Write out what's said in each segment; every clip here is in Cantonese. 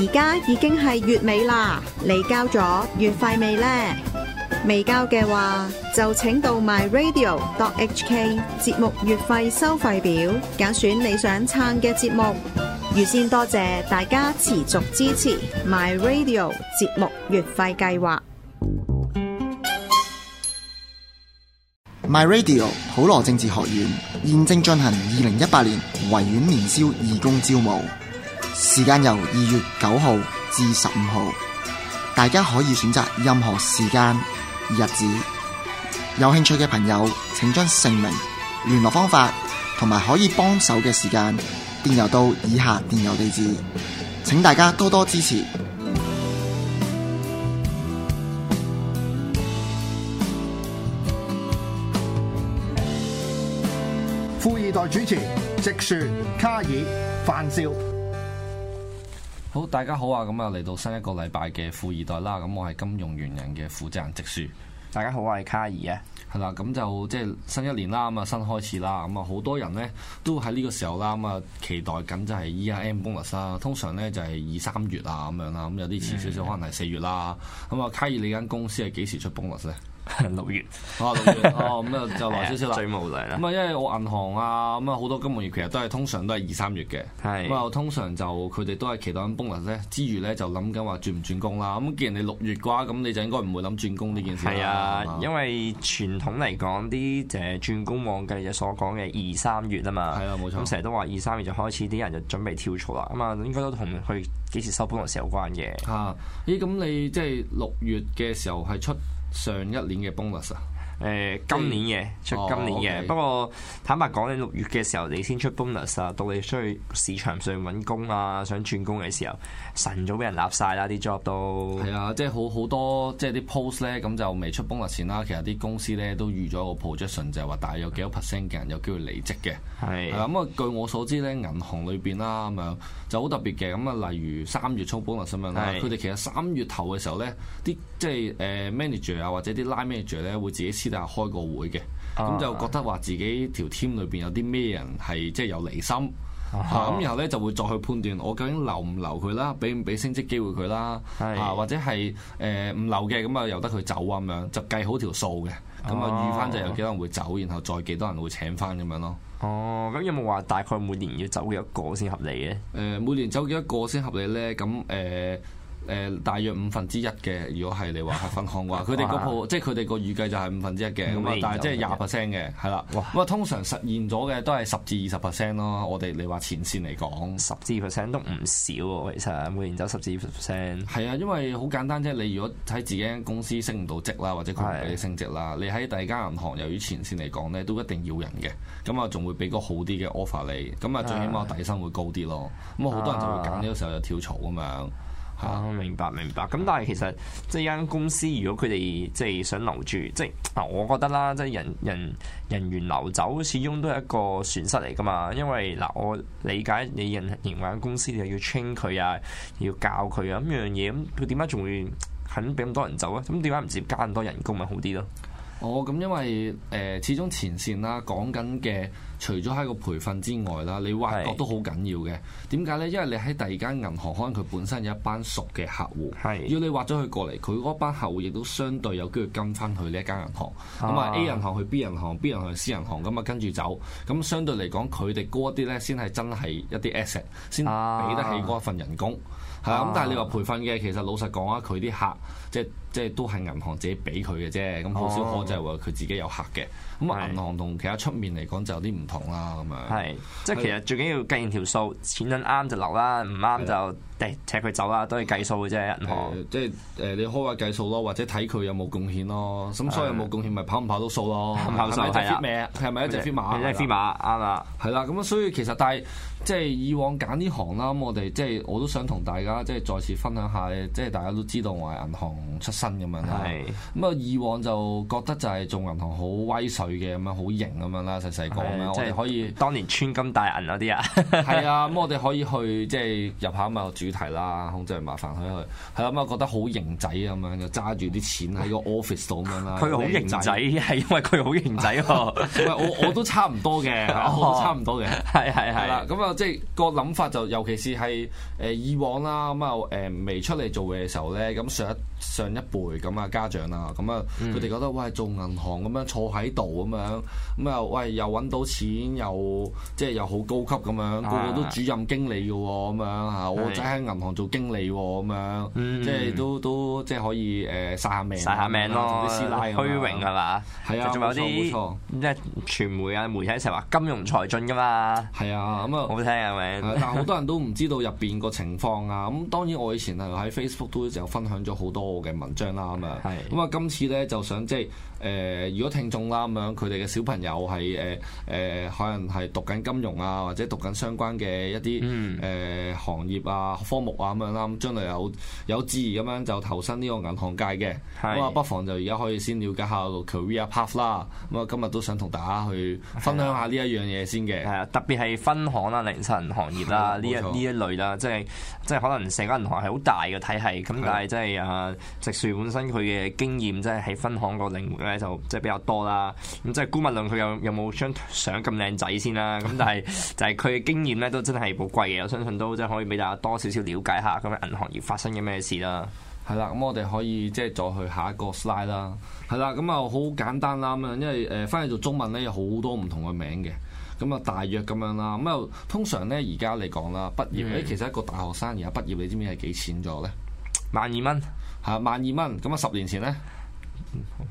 而家已經係月尾啦，你交咗月費未呢？未交嘅話，就請到 myradio.hk 節目月費收費表，揀選你想撐嘅節目。預先多謝大家持續支持 myradio 節目月費計劃。myradio 普羅政治學院現正進行二零一八年維園年宵義工招募。時間由二月九號至十五號，大家可以選擇任何時間日子。有興趣嘅朋友，請將姓名、聯絡方法同埋可以幫手嘅時間電郵到以下電郵地址。請大家多多支持。富易袋主持：直樹卡爾范少。好，大家好啊！咁啊嚟到新一個禮拜嘅富易袋啦，咁我係金融原人嘅負責人直樹。大家好，我係卡爾啊。係啦，咁就即係新一年啦，咁啊新開始啦，咁啊好多人咧都喺呢個時候啦，咁啊期待緊就係 E R M bonus 啦。通常咧就係二三月啊咁樣啦，咁有啲遲少少可能係四月啦。咁啊、嗯，卡爾你間公司係幾時出 bonus 咧？六 月，哦六月，哦咁啊就慢少少啦，最無奈啦。咁啊，因為我銀行啊，咁啊好多金融業其實啊，都係通常都係二三月嘅。係咁啊，通常就佢哋都係期待緊 bonus 咧，之餘咧就諗緊話轉唔轉工啦。咁既然你六月嘅話，咁你就應該唔會諗轉工呢件事啦。係啊，因為傳統嚟講啲誒轉工旺季就所講嘅二三月啊嘛。係啊，冇錯。咁成日都話二三月就開始啲人就準備跳槽啦，咁啊應該都同佢幾時收 bonus 時候有關嘅。啊，咦咁你、嗯嗯、即係六月嘅時候係出？上一年嘅 bonus 啊。誒、呃、今年嘅出今年嘅，不過、oh, okay. 坦白講，你六月嘅時候你先出 bonus 啊，到你出去市場上揾工啊，想轉工嘅時候，晨早俾人立晒啦啲 job 都係啊，即係好好多即係啲 post 咧，咁就未出 bonus 前啦，其實啲公司咧都預咗個 position，就係話大約有幾多 percent 嘅人有機會離職嘅係，咁是啊據我所知咧，銀行裏邊啦咁樣就好特別嘅，咁啊例如三月、bon、是月初 bonus 咁樣啦，佢哋其實三月頭嘅時候咧，啲即係誒、呃、manager 啊或者啲 line manager 咧會自己黐。就開個會嘅，咁、啊、就覺得話自己條 team 裏邊有啲咩人係即係有離心，咁、啊啊、然後咧就會再去判斷我究竟留唔留佢啦，俾唔俾升職機會佢啦是、啊，或者係誒唔留嘅，咁啊由得佢走啊咁樣，就計好條數嘅，咁啊預翻就有幾多人會走，啊、然後再幾多人會請翻咁樣咯。哦、啊，咁有冇話大概每年要走幾多個先合理嘅？誒、呃，每年走幾多個先合理咧？咁誒、呃呃誒、呃，大約五分之一嘅，如果係你話係分行嘅話，佢哋嗰鋪， 即係佢哋個預計就係五分之一嘅，咁但係即係廿 percent 嘅，係啦。哇！通常實現咗嘅都係十至二十 percent 咯。我哋你話前線嚟講，十至二十 percent 都唔少喎、啊。其實每年走十至二十 percent。係 啊，因為好簡單啫。你如果喺自己間公司升唔到職啦，或者佢唔俾你升職啦，的你喺第二間銀行，由於前線嚟講咧，都一定要人嘅。咁啊，仲會俾個好啲嘅 offer 你。咁啊，最起碼底薪會高啲咯。咁啊，好多人就會揀呢個時候就跳槽咁樣。 啊啊，明白明白。咁但係其實即係一間公司，如果佢哋即係想留住，即係嗱，我覺得啦，即係人人人員流走，始終都係一個損失嚟噶嘛。因為嗱，我理解你人員公司你要 train 佢啊，要教佢啊，咁樣嘢咁，佢點解仲會肯俾咁多人走咧？咁點解唔直接加咁多人工咪好啲咯？哦，咁、嗯、因為誒、呃，始終前線啦，講緊嘅，除咗喺個培訓之外啦，你挖角都好緊要嘅。點解是呢？因為你喺第二間銀行，可能佢本身有一班熟嘅客戶，是要你挖咗佢過嚟，佢嗰班客戶亦都相對有機會跟翻佢呢一間銀行。咁啊、嗯、A 銀行去 B 銀行，B 銀行去 C 銀行咁、嗯嗯、啊，跟住走。咁相對嚟講，佢哋高一啲呢，先係真係一啲 asset，先俾得起嗰一份人工。係。咁但係你話培訓嘅，其實老實講啊，佢啲客即即係都係銀行自己俾佢嘅啫，咁好少可就話佢自己有客嘅。咁啊，銀行同其他出面嚟講就有啲唔同啦，咁樣。係，即係其實最緊要計完條數，錢揾啱就留啦，唔啱就誒踢佢走啦，都係計數嘅啫，銀行。即係誒，你開下計數咯，或者睇佢有冇貢獻咯。咁所以有冇貢獻咪跑唔跑到數咯？唔跑數係咪一隻咩啊？係咪一隻飛馬啊？一隻飛馬啱啦。係啦，咁所以其實但係即係以往揀呢行啦，咁我哋即係我都想同大家即係再次分享下即係大家都知道我係銀行出。新咁樣啦，咁啊以往就覺得就係做銀行好威水嘅咁樣，好型咁樣啦，細細個咁樣，即係可以當年穿金戴銀嗰啲啊，係啊，咁我哋可以去即係、就是、入下咁啊主題啦，控制麻煩去一去，係啊咁啊覺得好型仔咁樣，就揸住啲錢喺個 office 度咁樣啦，佢好型仔係因為佢好型仔喎，我 我都差唔多嘅，哦、 我都差唔多嘅，係係係啦，咁啊即係個諗法就尤其是係誒以往啦，咁啊誒未出嚟做嘢嘅時候咧，咁上一上一。上一背咁啊家長啊咁啊，佢哋覺得喂，做銀行咁樣坐喺度咁樣，咁啊喂又揾到錢又即係又好高級咁樣，個個都主任經理嘅喎咁樣嚇，我仔喺銀行做經理喎咁樣，即係都都即係可以誒曬下命曬下命咯，虛榮係嘛？係啊，仲有啲即係傳媒啊媒體一齊話金融財進㗎嘛，係啊咁啊好聽係咪？但好多人都唔知道入邊個情況啊咁。當然我以前係喺 Facebook 都有分享咗好多我嘅文。張啦咁啊，咁啊今次咧就想即係。誒、呃，如果聽眾啦咁樣，佢哋嘅小朋友係誒誒，可能係讀緊金融啊，或者讀緊相關嘅一啲誒、呃、行業啊、科目啊咁樣啦，咁將來有有志業，咁樣就投身呢個銀行界嘅，咁啊是，不妨就而家可以先了解下 career path 啦。咁啊，今日都想同大家去分享下呢一樣嘢先嘅。係啊，特別係分行啦、零售行業啦，呢的一呢錯一類啦，即係即係可能成間銀行係好大嘅體系，咁但係即係啊，直樹的本身佢嘅經驗即係喺分行個領域咧。就即係比較多啦，咁即係姑勿論，佢有有冇張相咁靚仔先啦，咁但係就係佢嘅經驗咧都真係好貴嘅，我相信都即係可以俾大家多少少了解下咁嘅銀行業發生嘅咩事啦。係啦，咁我哋可以即係再去下一個 slide 啦。係啦，咁啊好簡單啦，咁啊因為誒翻譯做中文咧有好多唔同嘅名嘅，咁啊大約咁樣啦，咁又通常咧而家嚟講啦，畢業誒、mm. 其實一個大學生而家畢業你知唔知係幾錢咗咧？萬二蚊吓，萬二蚊，咁啊十年前咧？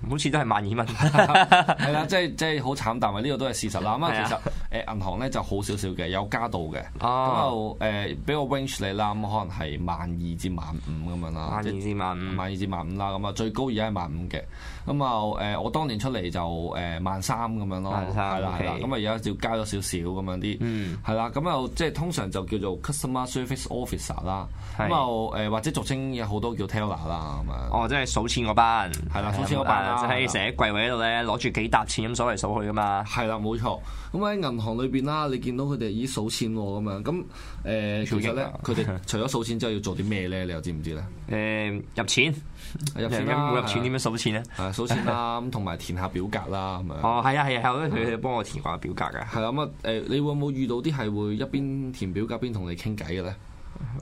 好似都係萬二蚊，係啦，即係即係好慘，但係呢個都係事實啦。咁啊，其實誒，銀行咧就好少少嘅，有加到嘅。咁啊，誒，俾個 range 你啦，咁可能係萬二至萬五咁樣啦。萬二至萬五，萬二至萬五啦。咁啊，最高而家係萬五嘅。咁啊，誒，我當年出嚟就誒萬三咁樣咯，係啦，咁啊而家就加咗少少咁樣啲。嗯，係啦，咁啊，即係通常就叫做 customer service officer 啦。咁啊，誒，或者俗稱有好多叫 teller 啦咁樣。哦，即係數錢嗰班，係啦。好似有扮啦，就喺成日喺櫃位度咧，攞住幾沓錢咁數嚟數去噶嘛。係啦，冇錯。咁喺銀行裏邊啦，你見到佢哋依數錢喎咁樣。咁、嗯、誒，其實咧，佢哋除咗數錢之後，要做啲咩咧？你又知唔知咧？誒、嗯，入錢，入錢入錢點樣數錢咧？啊，數錢啦，同埋入填下表格啦咁樣。哦， 係啊，係啊，有佢哋幫我填下表格嘅。係啊，咁啊誒，你會唔會遇到啲係會一邊填表格一邊同你傾偈嘅咧？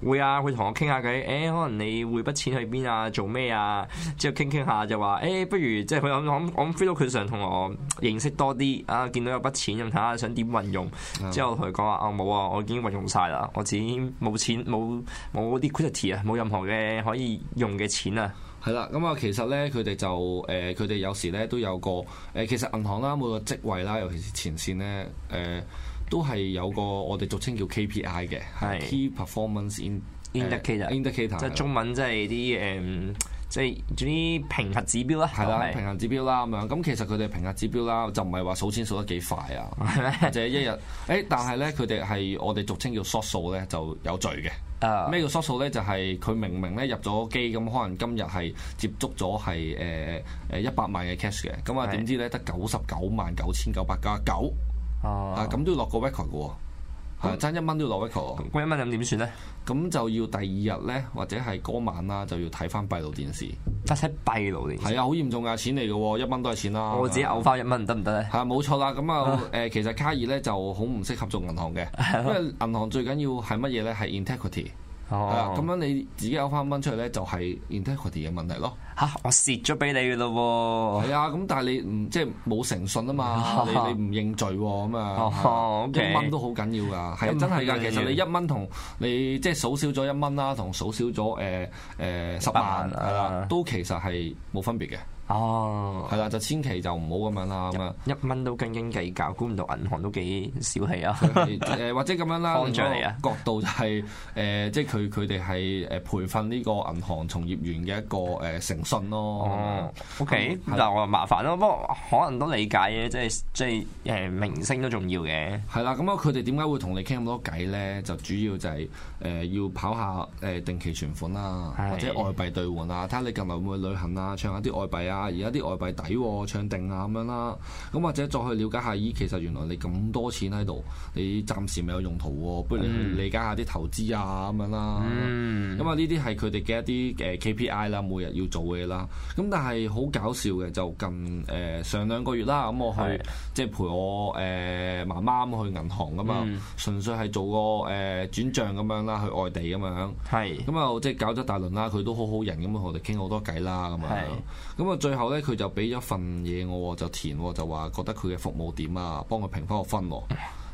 會啊，會同我傾下偈。誒、欸，可能你匯筆錢去邊啊，做咩啊？之後傾傾下就話，誒、欸，不如即係佢諗諗諗 feel 到佢想同我認識多啲啊。見到有筆錢，咁，睇下想點運用。之後同佢講話，啊、哦、冇啊，我已經運用晒啦，我自己冇錢，冇冇啲 equity 啊，冇任何嘅可以用嘅錢啊。係啦，咁、嗯、啊，其實咧，佢哋就誒，佢、呃、哋有時咧都有個誒、呃，其實銀行啦，每個職位啦，尤其是前綫咧，誒、呃。都係有個我哋俗稱叫 KPI 嘅是，key performance indicator，uh, Indicator 即係中文即係啲誒，即係總之平衡指標啦。係啦的，嗯、平衡指標啦咁樣。咁其實佢哋平衡指標啦，就唔係話數錢數得幾快啊，就 者一日。誒、哎，但係咧，佢哋係我哋俗稱叫 short 數咧，就有罪嘅。咩、uh, 叫 short 數咧？就係、是、佢明明咧入咗機咁，可能今日係接觸咗係誒誒一百萬嘅 cash 嘅的，咁啊點知咧得九十九萬九千九百加九？哦、啊，咁都要落個 record 嘅喎，係爭、哦啊、一蚊都要落 record。咁一蚊咁點算咧？咁、啊、就要第二日咧，或者係嗰晚啦，就要睇翻閉路電視。得睇、啊、閉路電視？係啊，好嚴重噶，錢嚟嘅喎，一蚊都係錢啦。我自己嘔翻一蚊得唔得咧？係啊，冇錯啦。咁啊，誒，哦、其實卡爾咧就好唔適合做銀行嘅，啊、因為銀行最緊要係乜嘢咧？係 integrity。哦、啊，咁樣你自己嘔翻一蚊出嚟咧，就係、是、integrity 嘅問題咯。吓，我蝕咗俾你嘅咯喎。係啊，咁但係你唔即係冇誠信啊嘛，你你唔認罪咁啊，一蚊都好緊要噶。係啊，真係㗎，其實你一蚊同你即係數少咗一蚊啦，同數少咗誒誒十萬係啦，都其實係冇分別嘅。哦，係啦，就千祈就唔好咁樣啦咁啊，一蚊都斤斤計較，估唔到銀行都幾小氣啊。誒或者咁樣啦，角度就係誒，即係佢佢哋係誒培訓呢個銀行從業員嘅一個誒成信咯，OK，嗱我話麻煩咯，不過可能都理解嘅，即係即係誒明星都重要嘅。係啦，咁啊，佢哋點解會同你傾咁多偈咧？就主要就係、是、誒、呃、要跑下誒定期存款啦、啊，的或者外幣兌換啊，睇下你近嚟會唔會旅行啊，唱下啲外幣啊，而家啲外幣抵、啊，唱定啊咁樣啦、啊。咁或者再去了解下，咦，其實原來你咁多錢喺度，你暫時未有用途喎、啊，不如你去理解一下啲投資啊咁樣啦、啊。咁為呢啲係佢哋嘅一啲誒 K P I 啦，每日要做嘅。啦，咁但係好搞笑嘅，就近誒、呃、上兩個月啦，咁我去是的 即係陪我誒、呃、媽媽去銀行噶嘛，嗯、純粹係做個誒、呃、轉帳咁樣啦，去外地咁樣。係是的，咁啊即係搞咗大輪啦，佢都好好人咁，同我哋傾好多偈啦咁樣。咁啊是的 最後咧，佢就俾咗份嘢我，我就填，我就話覺得佢嘅服務點啊，幫佢評返個分喎。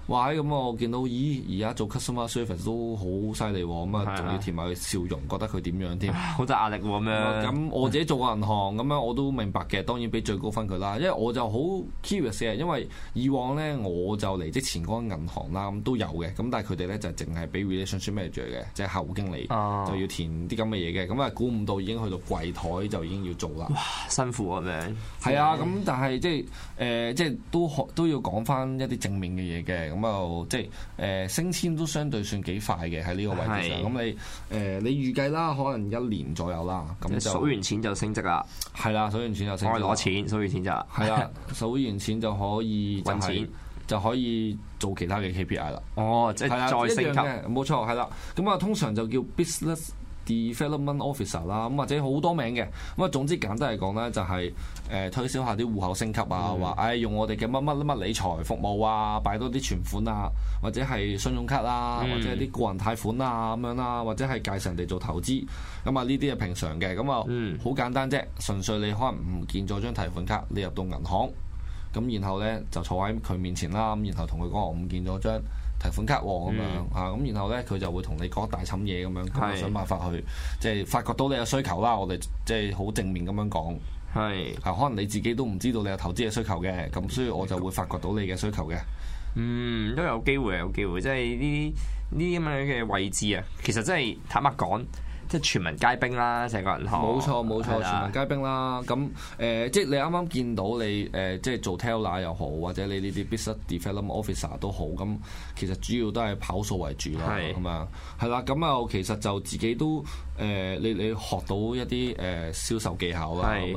哇！咁我見到，咦？而家做 customer service 都好犀利喎，咁啊的，仲要填埋佢笑容，覺得佢點樣添？好大壓力喎咁樣。咁、啊啊啊、我自己做過銀行，咁樣我都明白嘅。當然俾最高分佢啦，因為我就好 curious 嘅，因為以往咧我就嚟職前嗰間銀行啦，咁都有嘅。咁但係佢哋咧就淨係俾 relationship manager 嘅，即係客戶經理，哦、就要填啲咁嘅嘢嘅。咁啊，估唔到已經去到櫃枱就已經要做啦。哇！辛苦啊，咩？係的啊，咁對、啊、但係即係誒，即、呃、係都都要講翻一啲正面嘅嘢嘅。咁就即係誒、呃、升遷都相對算幾快嘅喺呢個位置上，咁是你誒、呃、你預計啦，可能一年左右啦，咁就數完錢就升職啦，係啦，數完錢就升，可以攞錢，數完錢就係 啦，數完錢就可以揾錢、就係，就可以做其他嘅 KPI、哦、啦，哦，即係再升級，冇錯，係啦，咁啊通常就叫 business。development officer 啦，咁或者好多名嘅，咁啊總之簡單嚟講咧，就係誒推銷下啲戶口升級啊，話誒、嗯哎、用我哋嘅乜乜乜理財服務啊，擺多啲存款啊，或者係信用卡啊，嗯、或者係啲個人貸款啊咁樣啦、啊，或者係介紹人哋做投資，咁啊呢啲係平常嘅，咁啊好簡單啫，純粹你可能唔見咗張提款卡，你入到銀行，咁然後咧就坐喺佢面前啦，咁然後同佢講我唔見咗張提款卡喎咁樣啊，咁然後咧佢就會同你講大嬸嘢咁樣，我是想辦法去即係、就是、發覺到你有需求啦。我哋即係好正面咁樣講，係係是、啊、可能你自己都唔知道你有投資嘅需求嘅，咁所以我就會發覺到你嘅需求嘅。嗯，都有機會，有機會，即係呢啲呢啲咁樣嘅位置啊，其實真係坦白講。即全民皆兵啦，成個人行。冇錯冇錯，錯是的 全民皆兵啦。咁誒、呃，即係你啱啱見到你誒、呃，即係做 teller 又好，或者你呢啲 business development officer 都好。咁其實主要都係跑數為主啦，係嘛是的？係啦，咁啊，其實就自己都。誒，你你學到一啲誒銷售技巧啦，咁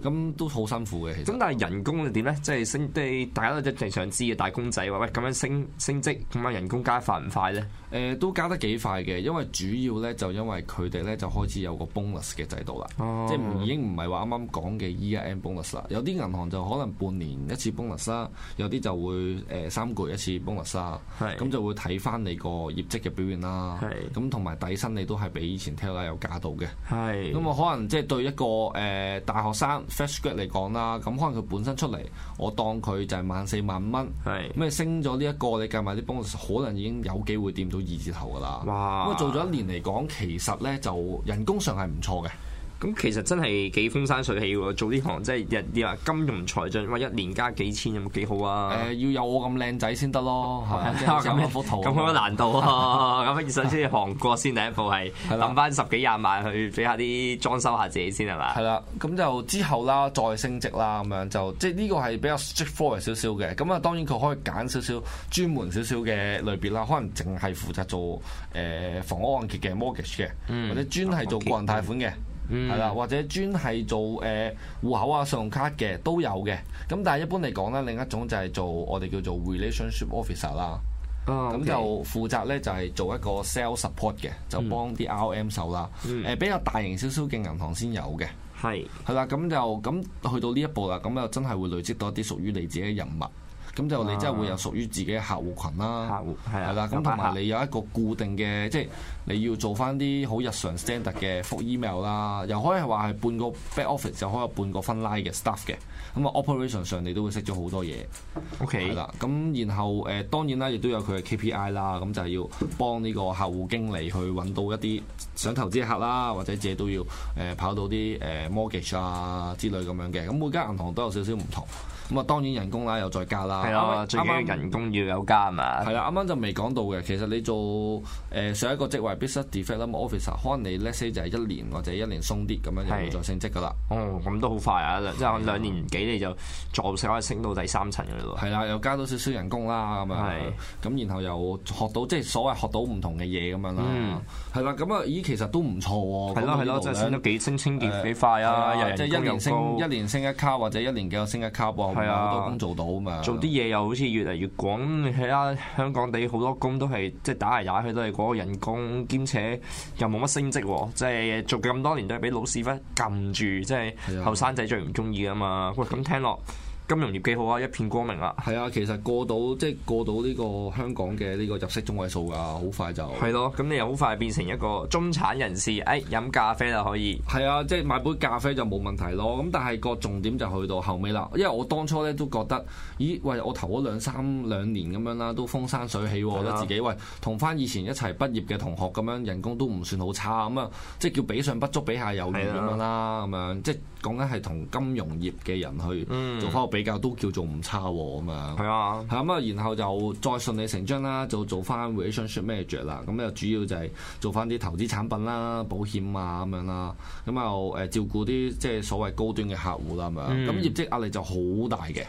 樣咁都好辛苦嘅。其實，咁但係人工係點咧？即係升，即大家都一定想知嘅打工仔話：喂，咁樣升升職，咁樣人工加快唔快咧？誒，都加得幾快嘅，因為主要咧就因為佢哋咧就開始有個 bonus 嘅制度啦，即係已經唔係話啱啱講嘅 E.M.Bonus 啦。有啲銀行就可能半年一次 bonus 啦，有啲就會誒三個月一次 bonus 啦。咁就會睇翻你個業績嘅表現啦。咁同埋底薪你都係比以前。又假到嘅，係咁啊，可能即係對一個誒、呃、大學生 fresh grad 嚟講啦，咁、嗯、可能佢本身出嚟，我當佢就係萬四萬五蚊，係咁你升咗呢一個，你計埋啲 bonus，可能已經有機會掂到二字頭噶啦，哇！咁啊做咗一年嚟講，其實咧就人工上係唔錯嘅。咁其實真係幾風山水氣喎，做呢行即係日啲話金融財政，哇，一年加幾千有冇幾好啊？誒要有我咁靚仔先得咯，係咪？咁幅圖咁有難度啊？咁先先去韓國先第一步係諗翻十幾廿萬去俾下啲裝修下自己先係嘛？係啦，咁就之後啦，再升職啦，咁樣就即係呢個係比較 straightforward 少少嘅。咁啊當然佢可以揀少少專門少少嘅類別啦，可能淨係負責做誒房屋按揭嘅 mortgage 嘅，或者專係做個人貸款嘅。係啦，或者專係做誒戶口啊、信用卡嘅都有嘅。咁但係一般嚟講咧，另一種就係做我哋叫做 relationship officer 啦。咁、oh, okay. 就負責咧就係、是、做一個 sales support 嘅，就幫啲 RM 手啦。誒、嗯、比較大型少少嘅銀行先有嘅。係是。係啦，咁就咁去到呢一步啦，咁就真係會累積到一啲屬於你自己嘅人脈。咁就你真係會有屬於自己嘅客戶群啦，客戶係啦，咁同埋你有一個固定嘅，即係你要做翻啲好日常 standard 嘅覆 email 啦，又可以話係半個 back office，又可以係半個分 line 嘅 staff 嘅，咁啊 operation 上你都會識咗好多嘢，OK，啦。咁然後誒、呃、當然啦，亦都有佢嘅 KPI 啦，咁就係要幫呢個客戶經理去揾到一啲想投資客啦，或者自己都要誒、呃、跑到啲誒、呃、mortgage 啊之類咁樣嘅，咁每間銀行都有少少唔同。咁啊，當然人工啦，又再加啦。係啦，最緊要人工要有加嘛。係啦，啱啱就未講到嘅。其實你做誒上一個職位必須 defect office 可能你 let's say 就係一年或者一年鬆啲咁樣，又要再升職噶啦。哦，咁都好快啊，兩即係兩年幾你就再升可以升到第三層嘅喎。係啦，又加多少少人工啦，咁啊，咁然後又學到即係所謂學到唔同嘅嘢咁樣啦。係啦，咁啊，咦，其實都唔錯喎。係咯，係咯，即係升咗幾升，升幾快啊！即係一年升一年升一級，或者一年幾就升一級喎。係啊，好多工做到嘛，做啲嘢又好似越嚟越廣。喺啊、嗯、香港地好多工都係即係打嚟打去都係嗰個人工，兼且又冇乜升職，啊，即、就、係、是、做咁多年都係俾老屎忽撳住，即係後生仔最唔中意噶嘛。啊、喂，咁聽落。金融業幾好啊！一片光明啊！係啊，其實過到即係過到呢個香港嘅呢個入息中位數㗎，好快就係咯。咁你又好快變成一個中產人士，誒、哎、飲咖啡就可以。係啊，即係買杯咖啡就冇問題咯。咁但係個重點就去到後尾啦，因為我當初咧都覺得，咦喂，我投咗兩三兩年咁樣啦，都風生水起，覺得的自己喂同翻以前一齊畢業嘅同學咁樣，人工都唔算好差，咁啊，即係叫比上不足，比下有餘咁的樣啦，咁樣即係講緊係同金融業嘅人去做翻個比。嗯比較都叫做唔差喎，咁啊係啊，係咁啊，嗯、然後就再順理成章啦，就做翻 relationship manager 啦，咁又主要就係做翻啲投資產品啦、保險啊咁樣啦，咁又誒照顧啲即係所謂高端嘅客戶啦，咁樣咁業績壓力就好大嘅。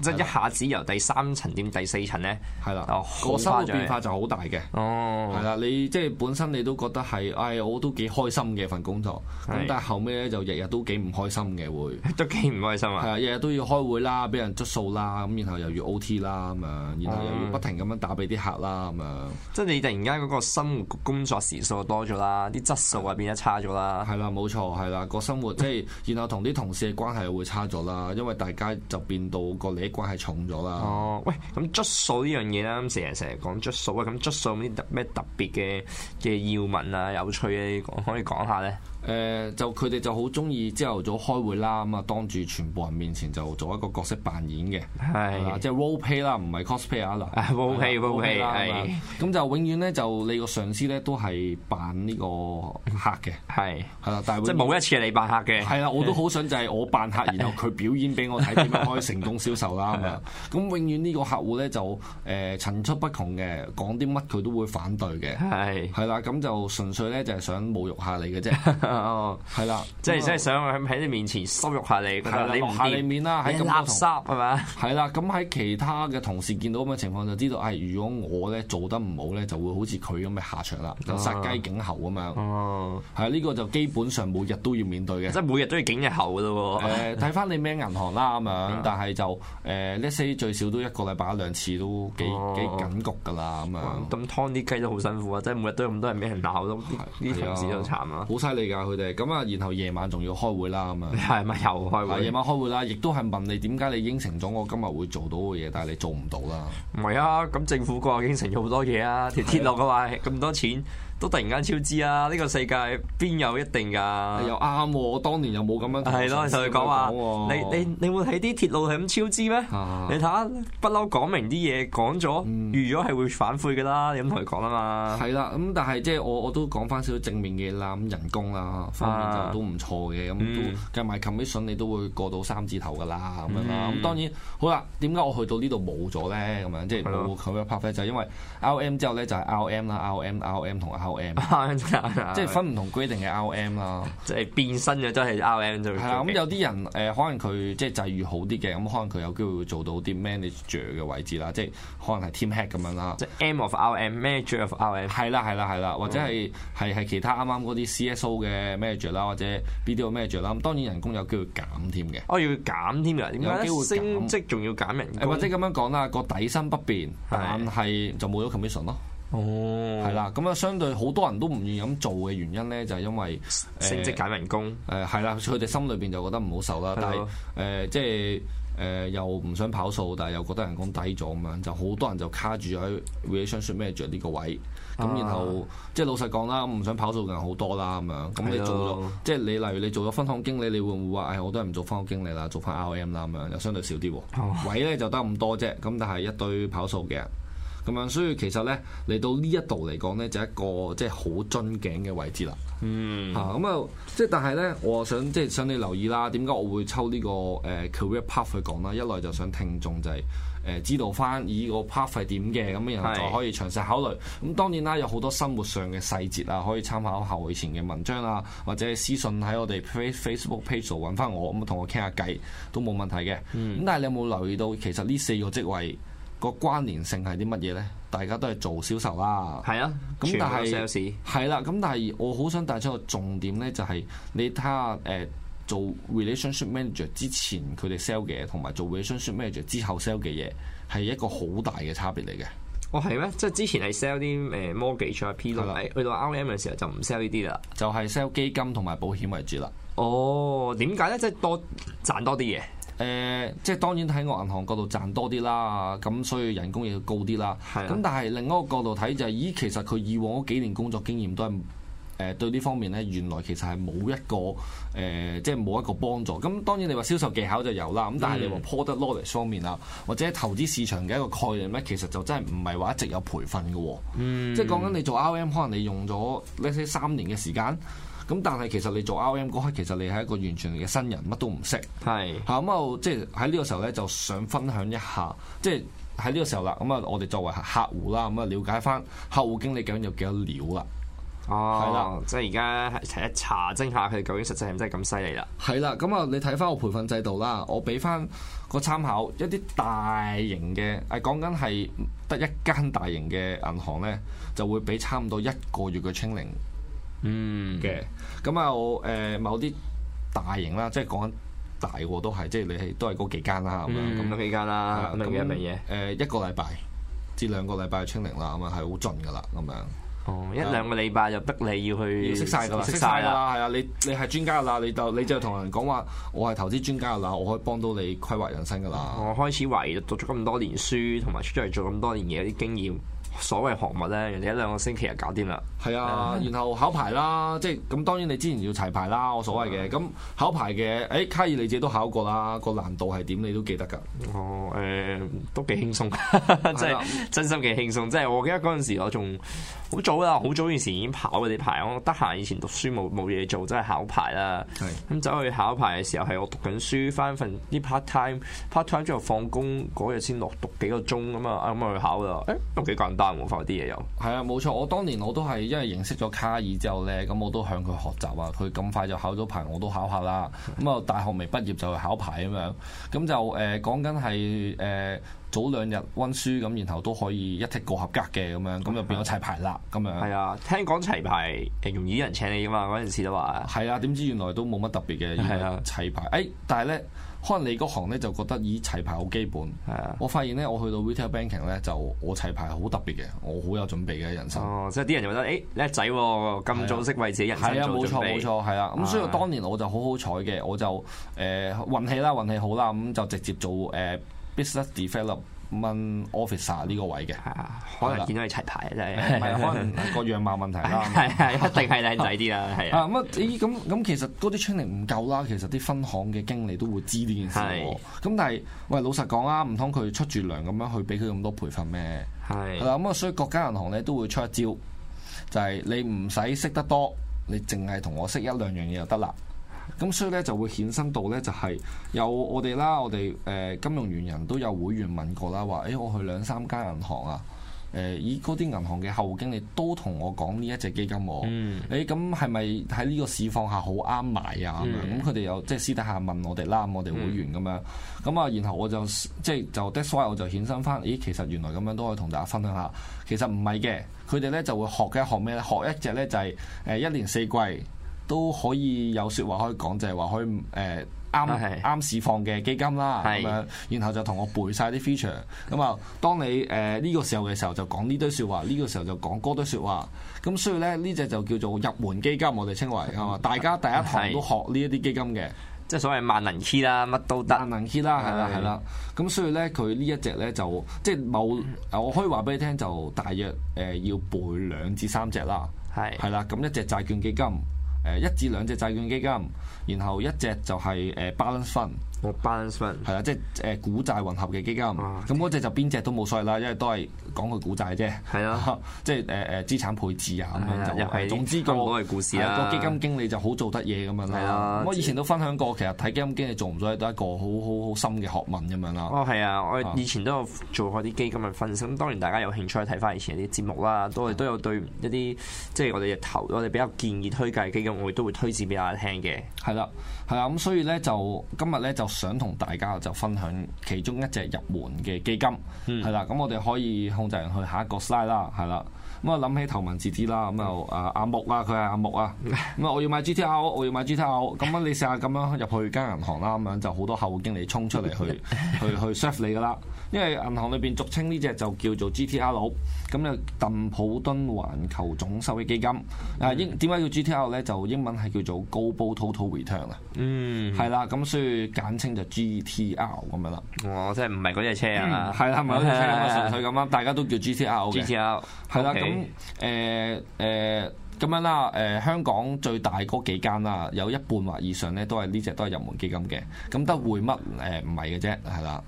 即係一下子由第三層變第四層咧，係啦的，個生活變化就好大嘅。哦，係啦，你即係本身你都覺得係，唉、哎，我都幾開心嘅份工作。咁的但係後尾咧就日日都幾唔開心嘅，會都幾唔開心啊。係啊，日日都要開會啦，俾人捽數啦，咁然後又要 O T 啦咁樣，然後又要不停咁樣打俾啲客啦咁樣。嗯、嘛即係你突然間嗰個生活工作時數多咗啦，啲的質素啊變得差咗啦。係啦，冇錯，係啦，個生活即係，然後同啲同事嘅關係又會差咗啦， 因為大家就變到個你。啲骨係重咗啦。哦，喂，咁質素呢樣嘢咧，成日成日講質素啊，咁質素有冇啲特咩特別嘅嘅要問啊、有趣嘅、啊、講可以講下咧？誒就佢哋就好中意朝頭早開會啦，咁啊當住全部人面前就做一個角色扮演嘅，係即係 role play 啦，唔係 cosplay 啊，嗱，role play，role play 係，咁就永遠咧就你個上司咧都係扮呢個客嘅，係係啦，但係即係冇一次你扮客嘅，係啦，我都好想就係我扮客，然後佢表演俾我睇點樣可以成功銷售啦，咁啊，咁永遠呢個客戶咧就誒層出不窮嘅，講啲乜佢都會反對嘅，係係啦，咁就純粹咧就係想侮辱下你嘅啫。哦，係啦，即係即係想喺喺你面前羞辱下你，你唔下你面啦，喺垃圾係咪？係啦，咁喺其他嘅同事見到咁嘅情況，就知道，哎，如果我咧做得唔好咧，就會好似佢咁嘅下場啦，就殺雞儆猴咁樣。哦，係啊，呢個就基本上每日都要面對嘅，即係每日都要警日猴嘅啫喎。誒，睇翻你咩銀行啦咁樣，但係就誒，let's say 最少都一個禮拜一兩次都幾幾緊焗噶啦咁樣。咁劏啲雞都好辛苦啊，即係每日都咁多人俾人鬧，都啲同事都慘啊，好犀利㗎！佢哋咁啊，然後夜晚仲要開會啦，咁啊，係咪又開會？夜晚開會啦，亦都係問你點解你應承咗我今日會做到嘅嘢，但係你做唔到啦？唔係啊，咁政府個話應承咗好多嘢啊，條鐵路嘅話咁多錢。 都突然間超支啊！呢、這個世界邊有一定㗎？又啱喎，我當年又冇咁樣同佢講話。你、啊啊、你你會睇啲鐵路係咁超支咩、uh,？你睇下、啊，不嬲講明啲嘢講咗，預咗係會反悔㗎啦。你咁同佢講啊嘛。係啦，咁但係即係我我都講翻少少正面嘅嘢啦。咁人工、uh, 啊、um, 方面就都唔錯嘅，咁都計埋 commission 你都會過到三字頭㗎啦。咁樣啦。咁那不 當然好啦。點解我去到呢度冇咗咧？咁樣即係冇咁 commission profit 就係因為 RM 之後咧就係 RM 啦，RM RM 同 m 即係分唔同 g 定嘅 R.M. 啦，即係變身咗，都係 R.M. 做。係啊，咁有啲人誒，可能佢即係待遇好啲嘅，咁可能佢有機會做到啲 manager 嘅位置啦，即係可能係 team head 咁樣啦，即係 M of R.M. manager of R.M. 係啦係啦係啦，或者係係係其他啱啱嗰啲 C.S.O. 嘅 manager 啦，或者 B.D.O. manager 啦，咁當然人工有機會減添嘅。哦，要減添㗎，有解？會升職仲要減咩？或者咁樣講啦，個底薪不變，但係就冇咗 commission 咯。哦，係啦，咁啊，相對好多人都唔願意咁做嘅原因咧，就係、是、因為升職揀人工，誒係啦，佢哋心裏邊就覺得唔好受啦。的但係誒、呃、即係誒、呃、又唔想跑數，但係又覺得人工低咗咁樣，就好多人就卡住喺 which n e 咩着呢個位。咁、啊、然後即係老實講啦，唔想跑數嘅人好多啦咁樣。咁你做咗的即係你例如你做咗分行經理，你會唔會話誒好多人唔做分行經理啦，做翻 R M 啦咁樣，又相對少啲、啊、 位咧就得咁多啫。咁但係一堆跑數嘅。咁樣，所以其實咧嚟到呢一度嚟講咧，就係、一個即係好樽頸嘅位置啦。嗯，嚇咁啊，即係但係咧，我想即係想你留意啦。點解我會抽呢個誒 career path 去講啦？一來就想聽眾就係、是、誒、呃、知道翻依個 path 係點嘅，咁然後就可以詳細考慮。咁是 當然啦，有好多生活上嘅細節啊，可以參考下我以前嘅文章啊，或者私信喺我哋 facebook page 度揾翻我，咁啊同我傾下偈，都冇問題嘅。咁、嗯、但係你有冇留意到，其實呢四個職位？個關聯性係啲乜嘢咧？大家都係做銷售啦，係啊，咁但係係啦，咁 但係我好想帶出個重點咧，就係你睇下誒做 relationship manager 之前佢哋 sell 嘅，同埋做 relationship manager 之後 sell 嘅嘢係一個好大嘅差別嚟嘅。哦，係咩？即係之前係 sell 啲誒 mortgage 了、P loan 同埋去到 RM 嘅時候就唔 sell 呢啲啦，就係 sell 基金同埋保險為主啦。哦，點解咧？即係多賺多啲嘢。誒、呃，即係當然喺我銀行角度賺多啲啦，咁所以人工亦要高啲啦。咁的但係另一個角度睇就係，咦，其實佢以往嗰幾年工作經驗都係誒、呃、對呢方面咧，原來其實係冇一個誒、呃，即係冇一個幫助。咁當然你話銷售技巧就有啦，咁但係你話 product knowledge 方面啊，或者投資市場嘅一個概念咧，其實就真係唔係話一直有培訓嘅喎、哦。嗯、即係講緊你做 RM，可能你用咗呢啲三年嘅時間。咁但係其實你做 R M 嗰刻，其實你係一個完全嚟嘅新人，乜都唔識。係嚇是，咁、嗯、我即係喺呢個時候咧，就想分享一下，即係喺呢個時候啦。咁、嗯、啊，我哋作為客客戶啦，咁、嗯、啊，了解翻客戶經理究竟有幾多料啊？哦，係啦的，即係而家一查證一下佢究竟實際係唔係真係咁犀利啦？係啦、嗯，咁、嗯、啊、嗯，你睇翻個培訓制度啦，我俾翻個參考，一啲大型嘅，誒講緊係得一間大型嘅銀行咧，就會俾差唔多一個月嘅清零。嗯嘅，咁啊我誒、呃、某啲大型啦，即係講大個都係，即係你係都係嗰幾間啦，咁樣咁樣幾間啦，咁乜嘢乜嘢？誒，一個禮拜至兩個禮拜清零啦，咁啊係好盡噶啦，咁、哦、樣。哦，一兩個禮拜就逼你要去要識，識晒噶啦，識晒噶啦，係啊，你你係專家噶啦，你就你就同人講話，我係投資專家噶啦，我可以幫到你規劃人生噶啦。我開始懷疑，讀咗咁多年書，同埋出咗嚟做咁多年嘢，啲經驗，所謂學物咧，人哋一兩個星期就搞掂啦。係啊，然後考牌啦，即係咁，當然你之前要齊牌啦，我所謂嘅咁考牌嘅，誒，卡爾你自己都考過啦，個難度係點你都記得㗎。哦，誒，都幾、啊 uh, 輕鬆，即係真心幾輕鬆。即係我記得嗰陣時，我仲好早啦，好早以前已經跑嗰啲牌，我得閒以前讀書冇冇嘢做，真係考牌啦。係，咁走去考牌嘅時候係我讀緊書，翻份啲 part time，part time 之後放工嗰日先落讀幾個鐘啊嘛，啱、嗯、去考啦。誒，都幾簡單喎，快啲嘢又。係啊，冇錯，我當年我都係因為認識咗卡爾之後呢，咁我都向佢學習啊。佢咁快就考咗牌，我都考下啦。咁啊，大學未畢業就去考牌咁樣，咁就誒講緊係誒早兩日溫書咁，然後都可以一剔過合格嘅咁樣，咁就變咗齊牌啦。咁樣係啊，聽講齊牌容易有人請你噶嘛。嗰陣時都話係啊，點知原來都冇乜特別嘅。係啊，齊牌誒，但係呢。可能你嗰行咧就覺得咦齊牌好基本，係啊！我發現咧，我去到 retail banking 咧就我齊牌好特別嘅，我好有準備嘅人生。哦，即係啲人就覺得誒叻仔，咁、欸哦啊、早識為自己人生準備，係啊，冇錯冇錯，係啦。咁、啊嗯、所以當年我就好好彩嘅，我就誒、呃、運氣啦，運氣好啦，咁、嗯、就直接做誒、呃、business development。問 officer 呢個位嘅，可能見到佢齊牌啊，真係唔係可能個樣貌問題啦，係係一定係靚仔啲啦，係啊咁啊，依咁咁其實嗰啲 training 唔夠啦，其實啲分行嘅經理都會知呢件事喎。咁的但係喂，老實講啊，唔通佢出住糧咁樣去俾佢咁多培訓咩？係咁啊，所以各家銀行咧都會出一招，就係你唔使識得多，你淨係同我識一兩樣嘢就得啦。咁所以咧就會衍生到咧，就係、是、有我哋啦，我哋誒、呃、金融元人都有會員問過啦，話誒、欸、我去兩三間銀行啊，誒以嗰啲銀行嘅客戶經理都同我講呢一隻基金喎、啊，咁係咪喺呢個市況下好啱買啊？咁佢哋又即係、就是、私底下問我哋啦，我哋會員咁樣，咁啊、嗯、然後我就即係就 That's why 我就衍生翻，咦、欸、其實原來咁樣都可以同大家分享下，其實唔係嘅，佢哋咧就會學嘅學咩咧，學一隻咧就係誒一年四季。都可以有説話可以講，就係話可以誒啱啱釋放嘅基金啦，咁樣，然後就同我背晒啲 feature。咁啊，當你誒呢個時候嘅時候就講呢堆説話，呢個時候就講嗰堆説話。咁所以咧，呢隻就叫做入門基金，我哋稱為係嘛，大家第一堂都學呢一啲基金嘅，即係所謂萬能 key 啦，乜都得萬能 key 啦，係啦係啦。咁所以咧，佢呢一隻咧就即係冇，我可以話俾你聽，就大約誒要背兩至三隻啦，係係啦。咁一隻債券基金。誒一至兩隻債券基金，然後一隻就係誒 Balance Fund。我 balance 係啦，即係誒股債混合嘅基金，咁嗰隻就邊隻都冇所謂啦，因為都係講個股債啫。係啦，即係誒誒資產配置啊，咁樣就係。總之個個故事啊，個基金經理就好做得嘢咁樣啦。係啦，我以前都分享過，其實睇基金經理做唔做嘢都一個好好好深嘅學問咁樣啦。哦，係啊，我以前都有做過啲基金嘅分析。咁當然大家有興趣睇翻以前啲節目啦，都係都有對一啲即係我哋日頭，我哋比較建議推介基金，我都會推薦俾大家聽嘅。係啦，係啊，咁所以咧就今日咧就。我想同大家就分享其中一隻入門嘅基金，係啦、嗯，咁我哋可以控制人去下一個 slide 啦，係啦，咁啊諗起頭文字 D 啦，咁就啊阿木啊，佢係阿木啊，咁啊我要買 G T R，我要買 G T R，咁樣你試下咁樣入去間銀行啦，咁樣就好多客戶經理衝出嚟去 去去，去 serve 你噶啦。因為銀行裏邊俗稱呢隻就叫做 GTR，咁咧鄧普頓環球總收益基金。啊英點解叫 GTR 咧？就英文係叫做 Global total return 啊。嗯， 係啦。咁所以簡稱就 GTR 咁樣啦。哦， 即係唔係嗰隻車啊。係啦，唔係啦，純粹咁啦，大家都叫 GTR GTR 係啦。咁誒誒咁樣啦。誒、呃呃、香港最大嗰幾間啦，有一半或以上咧都係呢隻都係入門基金嘅。咁得匯乜誒唔係嘅啫，係啦。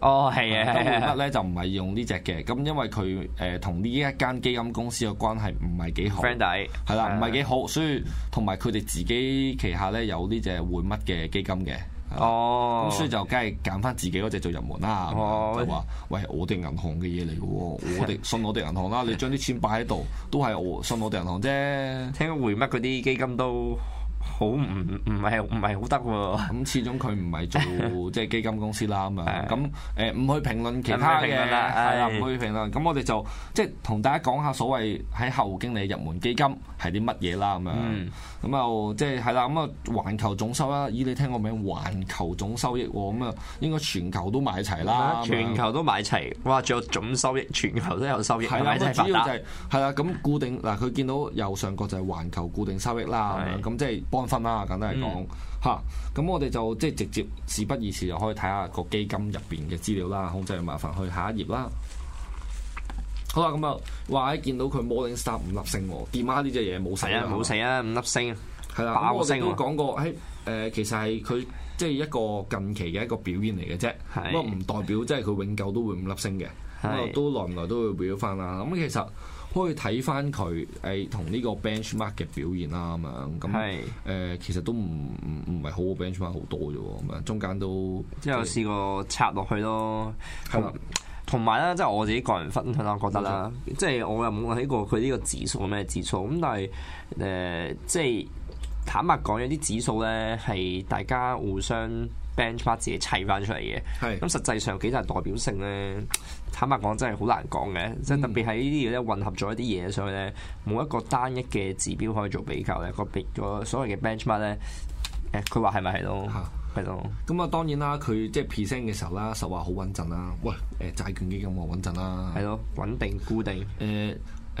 哦，係嘅。咁匯乜咧就唔係用呢隻嘅，咁因為佢誒同呢一間基金公司嘅關係唔係幾好，friend 仔係啦，唔係幾好，所以同埋佢哋自己旗下咧有呢隻匯乜嘅基金嘅。哦，咁所以就梗係揀翻自己嗰隻做入門啦。哦，就話喂，我哋銀行嘅嘢嚟嘅喎，我哋信我哋銀行啦，你將啲錢擺喺度都係我信我哋銀行啫。聽到匯乜嗰啲基金都。好唔，唔係唔係好得喎？咁始終佢唔係做即係基金公司啦，咁啊，咁誒唔去評論其他嘅，係啦，唔去評論。咁、哎、我哋就即係同大家講下所謂喺後經理入門基金係啲乜嘢啦咁樣。咁又、嗯、即係係啦，咁啊環球總收啦，咦？你聽個名環球總收益喎，咁啊應該全球都買齊啦，全球都買齊。哇！仲有總收益，全球都有收益，係啊對，都主要就係係啦。咁固定嗱，佢見到右上角就係環球固定收益啦。咁即係。幫分啦，簡單嚟講，嚇，咁我哋就即係直接事不宜遲就可以睇下個基金入邊嘅資料啦，控制麻煩去下一頁啦。好啦，咁啊，哇！見到佢 Morning Star 五粒星，掂啊，呢隻嘢冇使啊，冇死啊，五粒星，係啦，我哋都講過，喺誒其實係佢即係一個近期嘅一個表現嚟嘅啫，不過唔代表即係佢永久都會五粒星嘅，咁啊都耐唔耐都會變翻啦。咁其實。可以睇翻佢誒同呢個 benchmark 嘅表現啦咁樣，咁誒是、呃、其實都唔唔唔係好好 benchmark 好多啫喎，咁樣中間都即係有試過插落去咯。係啦的，同埋咧，即係我自己個人分享啦，我覺得啦，即係的我又冇睇過佢呢個指數係咩指數咁，但係誒即係坦白講，有啲指數咧係大家互相。benchmark 自己砌翻出嚟嘅，咁是實際上幾大代表性咧？坦白講真係好難講嘅，嗯、即係特別係呢啲嘢咧混合咗一啲嘢上去咧，冇一個單一嘅指標可以做比較咧。個、那、別個所謂嘅 benchmark 咧，誒佢話係咪係咯？係、啊、咯。咁啊當然啦，佢即係 present 嘅時候啦，實話好穩陣啦、啊。喂，誒、呃、債券基金我穩陣啦、啊。係咯、嗯，穩定固定誒。呃誒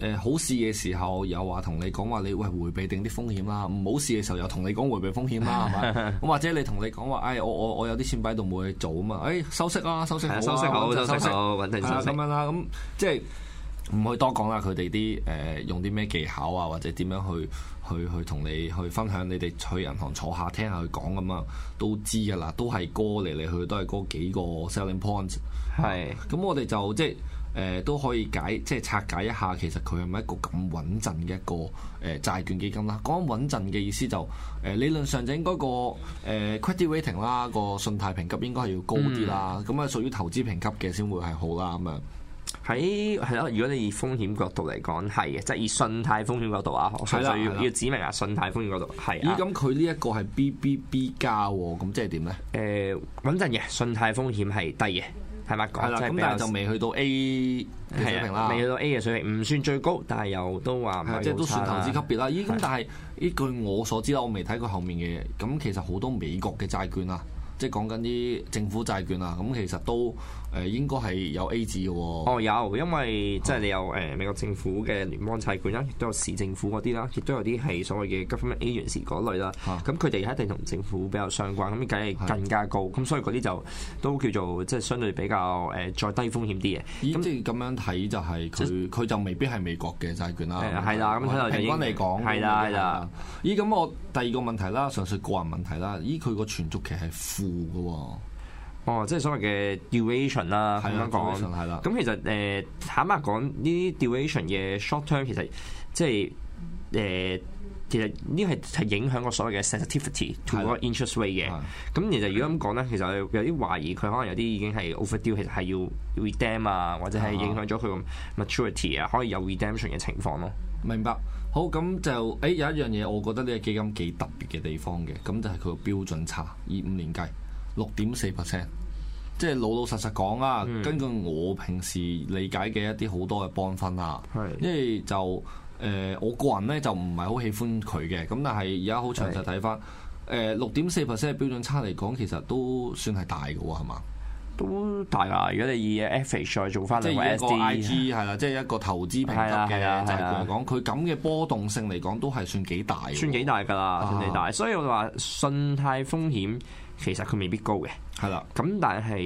誒，好事嘅時候又話同你講話，你喂回避定啲風險啦；唔好事嘅時候又同你講回避風險啦，係咪？咁或者你同你講話，誒，我我我有啲錢擺喺度冇去做啊嘛，誒，收息啦，收息好啦，收息好，收息好，穩定收息咁樣啦。咁即係唔可以多講啦。佢哋啲誒，用啲咩技巧啊，或者點樣去去去同你去分享？你哋去銀行坐下聽下佢講咁啊，都知噶啦，都係嗰嚟嚟去去都係嗰幾個 selling points。係，咁我哋就即係。誒都可以解，即係拆解一下，其實佢係咪一個咁穩陣嘅一個誒債券基金啦？講穩陣嘅意思就誒、是、理論上就應該個誒 credit rating 啦，個信貸評級應該係要高啲啦。咁啊、嗯、屬於投資評級嘅先會係好啦咁樣。喺係啊，如果你以風險角度嚟講係嘅，即係以信貸風險角度啊，的我係要，的要指明啊，信貸風險角度係。咦？咁佢呢一個係 BBB 加喎，咁即係點咧？誒穩陣嘅信貸風險係低嘅。係嘛？係啦，咁了但係就未去到 A 嘅水平啦了，未去到 A 嘅水平，唔算最高，但係又都話即係都算投資級別啦。咦？咁對了 但係依據我所知啦，我未睇過後面嘅嘢。咁其實好多美國嘅債券啊。即係講緊啲政府債券啊，咁其實都誒應該係有 A 字嘅喎。哦，有，因為即係你有誒美國政府嘅聯邦債券啦，亦都有市政府嗰啲啦，亦都有啲係所謂嘅 government agency 嗰類啦。咁佢哋一定同政府比較相關，咁梗係更加高。咁所以嗰啲就都叫做即係相對比較誒再低風險啲嘅。咁即係咁樣睇就係佢佢就未必係美國嘅債券啦。誒係啦，咁佢度平均嚟講係啦，係啦。咦？咁我第二個問題啦，純粹個人問題啦。咦？佢個存續期係嘅哦，即係所謂嘅 duration 啦、啊，咁樣講，係啦、啊。咁其實誒、呃，坦白講，呢啲 duration 嘅 short term 其實即係誒、呃，其實呢係係影響個所謂嘅 sensitivity to 個 interest rate 嘅。咁、啊、其實如果咁講咧，其實有啲懷疑佢可能有啲已經係 overdue，其實係要 redeem 啊，或者係影響咗佢個 maturity 啊，可以有 redemption 嘅情況咯。明白。好咁就，誒、欸、有一樣嘢，我覺得呢個基金幾特別嘅地方嘅，咁就係佢個標準差，二五年計六點四 percent，即係老老實實講啊，嗯、根據我平時理解嘅一啲好多嘅幫分啊，是因為就誒、呃、我個人咧就唔係好喜歡佢嘅，咁但係而家好詳細睇翻，誒六點四 percent 嘅標準差嚟講，其實都算係大㗎喎、啊，係嘛？都大啦！如果你以 e F.H. 再做翻，即係一個 I.G. 係啦，即係一個投資評級嘅債券嚟講，佢咁嘅波動性嚟講都係算幾大算幾大㗎啦，算幾大。所以我哋話信貸風險其實佢未必高嘅，係啦是的。咁但係誒，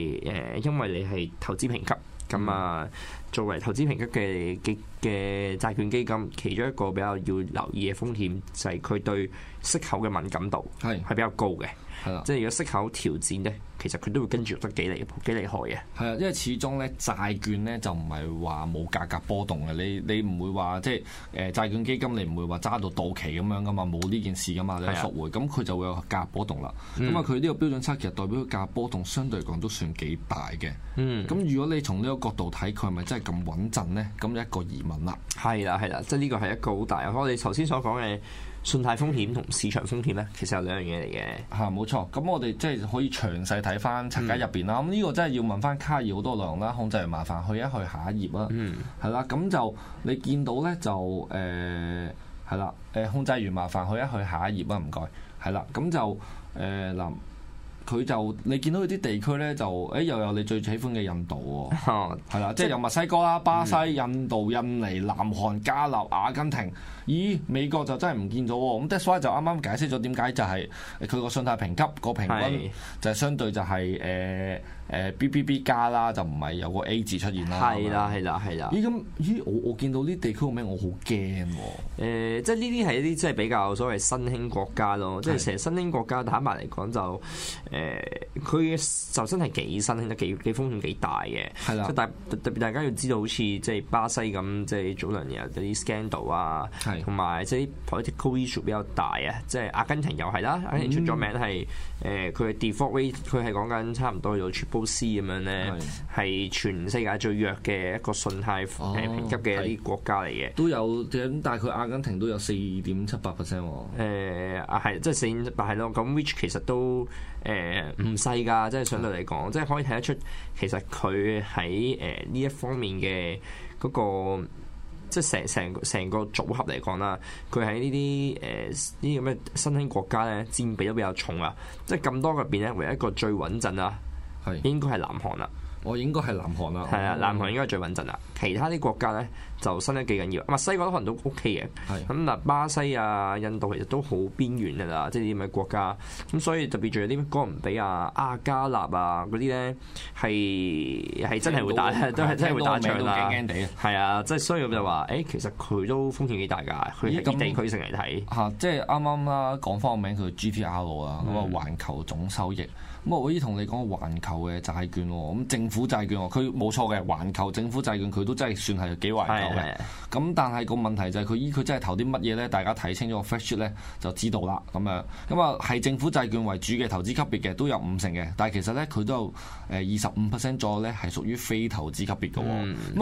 因為你係投資評級，咁啊、嗯、作為投資評級嘅嘅債券基金，其中一個比較要留意嘅風險就係佢對息口嘅敏感度係係比較高嘅，係啦的。即係如果息口調節咧。其實佢都會跟住得幾厲幾厲害嘅，係啊，因為始終咧債券咧就唔係話冇價格波動嘅，你你唔會話即係誒債券基金你唔會話揸到到期咁樣噶嘛，冇呢件事噶嘛，你贖回咁佢的就會有價格波動啦。咁啊、嗯，佢呢個標準差其實代表佢價格波動相對嚟講都算幾大嘅。嗯，咁如果你從呢個角度睇，佢係咪真係咁穩陣咧？咁一個疑問啦。係啦，係啦，即係呢個係一個好大。我哋頭先所講嘅。信貸風險同市場風險咧，其實有兩樣嘢嚟嘅。嚇，冇錯。咁我哋即係可以詳細睇翻拆解入邊啦。咁呢、嗯、個真係要問翻卡爾好多內容啦。控制員麻煩去一去下一頁啦。嗯。係啦，咁就你見到咧就誒係啦，誒、呃呃、控制員麻煩去一去下一頁啦。唔該。係啦，咁就誒林。呃佢就你見到有啲地區咧就，哎、欸、又有你最喜歡嘅印度喎、哦，係啦、oh, 的，即係有墨西哥啦、巴西、印度、印尼、南韓、加納、阿根廷，咦美國就真係唔見咗喎、哦，咁 Desai、mm hmm. 所以就啱啱解釋咗點解就係佢個信貸評級個平均就係相對就係、是、誒。Mm hmm. 呃誒 B B B 加啦，就唔係有個 A 字出現啦。係啦係啦係啦。咦咁咦，我我見到呢地區個名，我好驚喎、哦。誒、呃，即係呢啲係一啲即係比較所謂新興國家咯。的即係成日新興國家，坦白嚟講就誒，佢就真係幾新興得幾幾風險幾大嘅。係啦的。即係特特別，大家要知道，好似即係巴西咁，即係早兩年有啲 scandal 啊，同埋即係的啲 political issue 比較大啊。即係阿根廷又係啦，阿根廷出咗名係誒，佢嘅 default，佢係講緊差唔多有公司咁樣咧，係全世界最弱嘅一個信貸評級嘅一啲國家嚟嘅、哦，都有嘅。但係佢阿根廷都有四點七八 percent 喎。啊、哦，係即係四點七八，係咯。咁、就是、which 其實都誒唔細㗎，即係相對嚟講，即、就、係、是、可以睇得出其實佢喺誒呢一方面嘅嗰、那個即係成成成個組合嚟講啦。佢喺呢啲誒呢啲咁嘅新興國家咧佔比都比較重啊。即係咁多入邊咧，唯一一個最穩陣啊！係應該係南韓啦，我應該係南韓啦。係啊，南韓，南韓應該係最穩陣啦。其他啲國家咧就升得幾緊要，唔係西國都可能都 OK 嘅。係咁嗱，巴西啊、印度其實都好邊緣㗎啦，即係啲咁嘅國家。咁所以特別仲有啲哥倫比亞、阿加納啊嗰啲咧係係真係會打，到都係真係會打仗啊。係、欸、樣啊，即係所以我就話，誒其實佢都風險幾大㗎，佢係啲地區性嚟睇。嚇，即係啱啱啦，講翻個名佢 GPR 啊，咁啊環球總收益。咁我可以同你講，環球嘅債券，咁政府債券，佢冇錯嘅，環球政府債券佢都真係算係幾環球嘅。咁是是 但係個問題就係佢依佢真係投啲乜嘢呢？大家睇清楚 fact sheet 咧就知道啦。咁樣咁啊，係政府債券為主嘅投資級別嘅都有五成嘅，但係其實呢，佢都有誒二十五 percent 左右呢係屬於非投資級別嘅。咁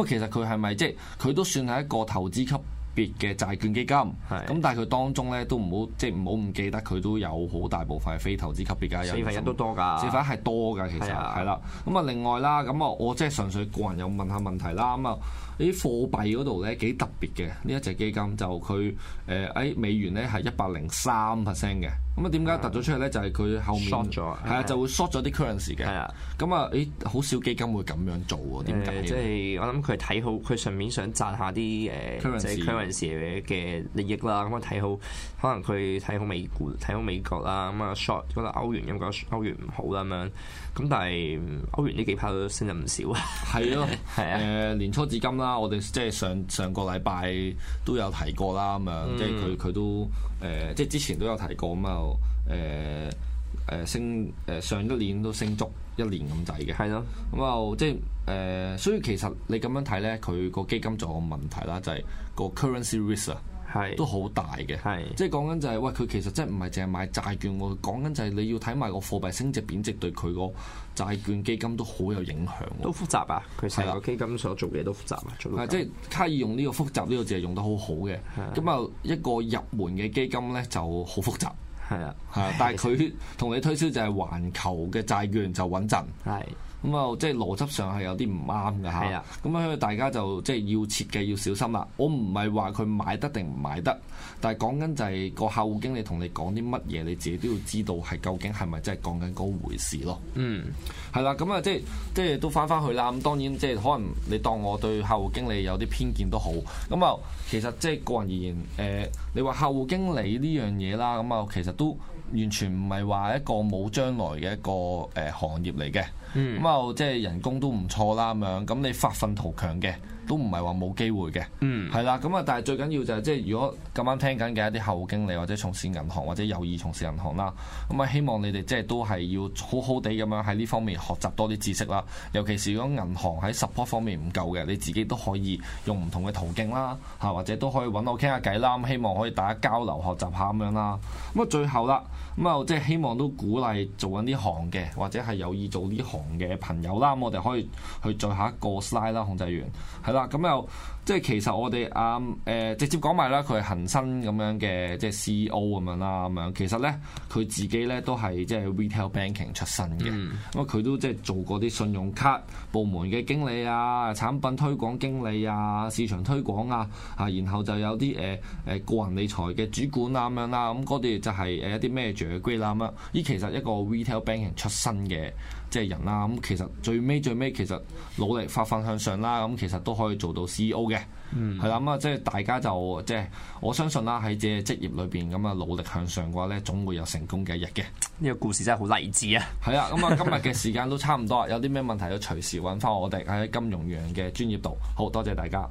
啊，其實佢係咪即係佢都算係一個投資級？別嘅債券基金，咁是但係佢當中咧都唔好，即係唔好唔記得佢都有好大部分係非投資級別嘅。四分一都多㗎，四分一係多㗎，其實係啦。咁啊的，另外啦，咁啊，我即係純粹個人又問下問題啦，咁啊。啲貨幣嗰度咧幾特別嘅，呢一隻基金，就佢誒喺美元咧係一百零三 percent 嘅。咁啊，點解突咗出去咧？就係佢後面 short 咗，係啊，就會 short 咗啲 currency 嘅。係啊，咁啊，誒好少基金會咁樣做喎，點解？即係我諗佢睇好，佢順便想賺下啲誒，即係 currency 嘅利益啦。咁啊，睇好可能佢睇好美股，睇好美國啦。咁啊，short 嗰個歐元，因為歐元唔好啦咁樣。咁但係歐元呢幾排都升得唔少啊。係咯，係啊。誒年初至今啦。啊！我哋即係上上個禮拜都有提過啦，咁樣即係佢佢都誒、呃，即係之前都有提過咁啊，誒誒升誒上一年都升足一年咁滯嘅，係咯，咁就即係誒，所以其實你咁樣睇咧，佢個基金仲有個問題啦，就係、是、個 currency risk 啊。係，是都好大嘅。係是，即係講緊就係、是，喂，佢其實即係唔係淨係買債券喎。講緊就係你要睇埋個貨幣升值貶值對佢個債券基金都好有影響。都複雜啊，佢成的個基金所做嘢都複雜啊。即係卡爾用呢個複雜呢、呢個字係用得好好嘅。咁啊的一個入門嘅基金咧就好複雜。係啊，係啊，但係佢同你推銷就係環球嘅債券就穩陣。係的。咁啊、嗯，即係邏輯上係有啲唔啱嘅吓。咁啊是的、嗯，大家就即係要切記要小心啦。我唔係話佢買得定唔買得，但係講緊就係個客戶經理同你講啲乜嘢，你自己都要知道係究竟係咪真係講緊嗰回事咯。嗯，係啦，咁啊，即係即係都翻翻去啦。咁當然即係可能你當我對客戶經理有啲偏見都好。咁、嗯、啊，其實即係個人而言，誒、欸，你話客戶經理呢樣嘢啦，咁、欸、啊，其實都完全唔係話一個冇將來嘅一個誒行業嚟嘅。呃欸呃呃咁即係人工都唔錯啦，咁樣咁你發奮圖強嘅都唔係話冇機會嘅，係啦、嗯。咁啊，但係最緊要就係即係如果咁啱聽緊嘅一啲後經理或者從事銀行或者有意從事銀行啦，咁啊，希望你哋即係都係要好好地咁樣喺呢方面學習多啲知識啦。尤其是如果銀行喺 support 方面唔夠嘅，你自己都可以用唔同嘅途徑啦，嚇或者都可以揾我傾下偈啦。咁希望可以大家交流學習下咁樣啦。咁啊，最後啦，咁啊，即係希望都鼓勵做緊呢行嘅或者係有意做呢行，嘅朋友啦，咁我哋可以去再下一個 slide 啦。控制員係啦，咁又即係其實我哋啊誒直接講埋啦，佢係恒生咁樣嘅即係 CEO 咁樣啦。咁樣其實咧，佢自己咧都係即係 retail banking 出身嘅，咁佢都即係做過啲信用卡部門嘅經理啊、產品推廣經理啊、市場推廣啊，嚇，然後就有啲誒誒個人理財嘅主管啊咁樣啦。咁嗰啲就係誒一啲咩 a j o 啦咁樣。依其實一個 retail banking 出身嘅。即係人啦，咁其實最尾最尾其實努力發奮向上啦，咁其實都可以做到 CEO 嘅，係啦、嗯，咁啊即係大家就即係我相信啦，喺自己職業裏邊咁啊努力向上嘅話呢，總會有成功嘅一日嘅。呢個故事真係好勵志啊！係、嗯、啦，咁啊今日嘅時間都差唔多 有啲咩問題要隨時揾翻我哋喺金融羊嘅專業度，好多謝大家。